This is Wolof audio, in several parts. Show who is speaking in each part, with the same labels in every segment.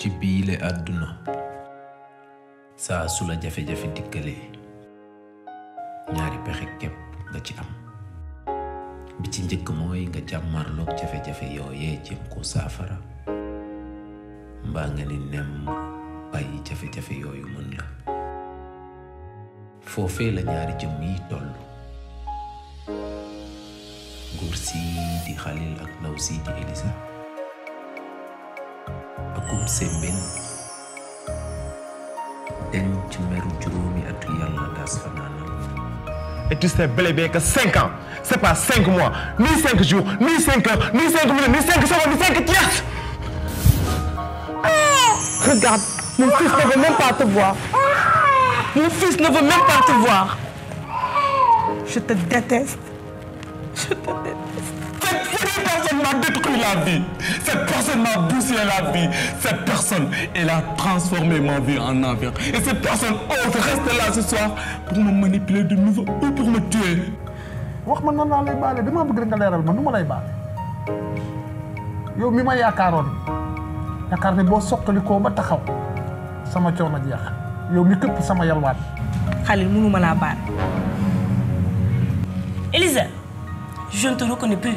Speaker 1: ci biile àdduna saa su jafe-jafe dikkalee ñaari pexe képp nga ci am bi ci njëkk mooy nga jàmmarloog jafe-jafe saafara mbaa nga ni nem bàyyi yooyu mën la foofee la ñaari jëm yi toll nguur Xalil ak ndaw si Elisa kum semin et tu sais bel et bien que 5 ans c'est pas 5 mois ni 5 jours ni 5 heures ni 5 minutes ni 5 secondes ni 5 tiers regarde mon fils ne veut même pas te voir mon fils ne veut même pas te voir je te déteste je te déteste ma vie. Cette personne m'a bousillé la vie. Cette personne, elle a transformé ma vie en enfer. Et cette personne ose reste là ce soir pour me manipuler de nouveau ou pour me tuer. wax ma nan laa lay baale damaa bëgg nga leeral ma nu ma lay baale yow mi ma yaakaaroon yaakaar ne boo soqalikoo ba taxaw sama coono jeex yow mi këpp sama yalwaat. Khalil mënuma laa baal. Elisa, je ne te reconnais plus.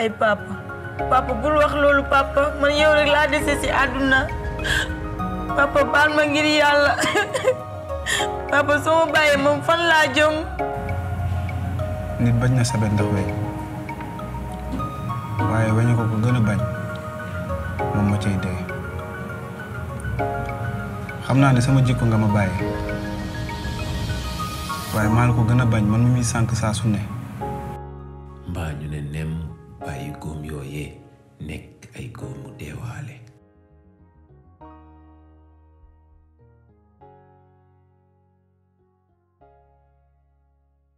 Speaker 1: ay papa papa bul wax loolu papa man yow rek laa dese ci àdduna papa baal ma ngir yàlla papa soo ma bàyyee moom fan laa jëm. nit bañ na sebet ndax wey waaye weñu ko ko gën bañ moom ma cay dee xam naa ni sama jikko nga ma bàyyee waaye maa la ko gën a bañ man mi muy sànq saa su ne by góom yooyee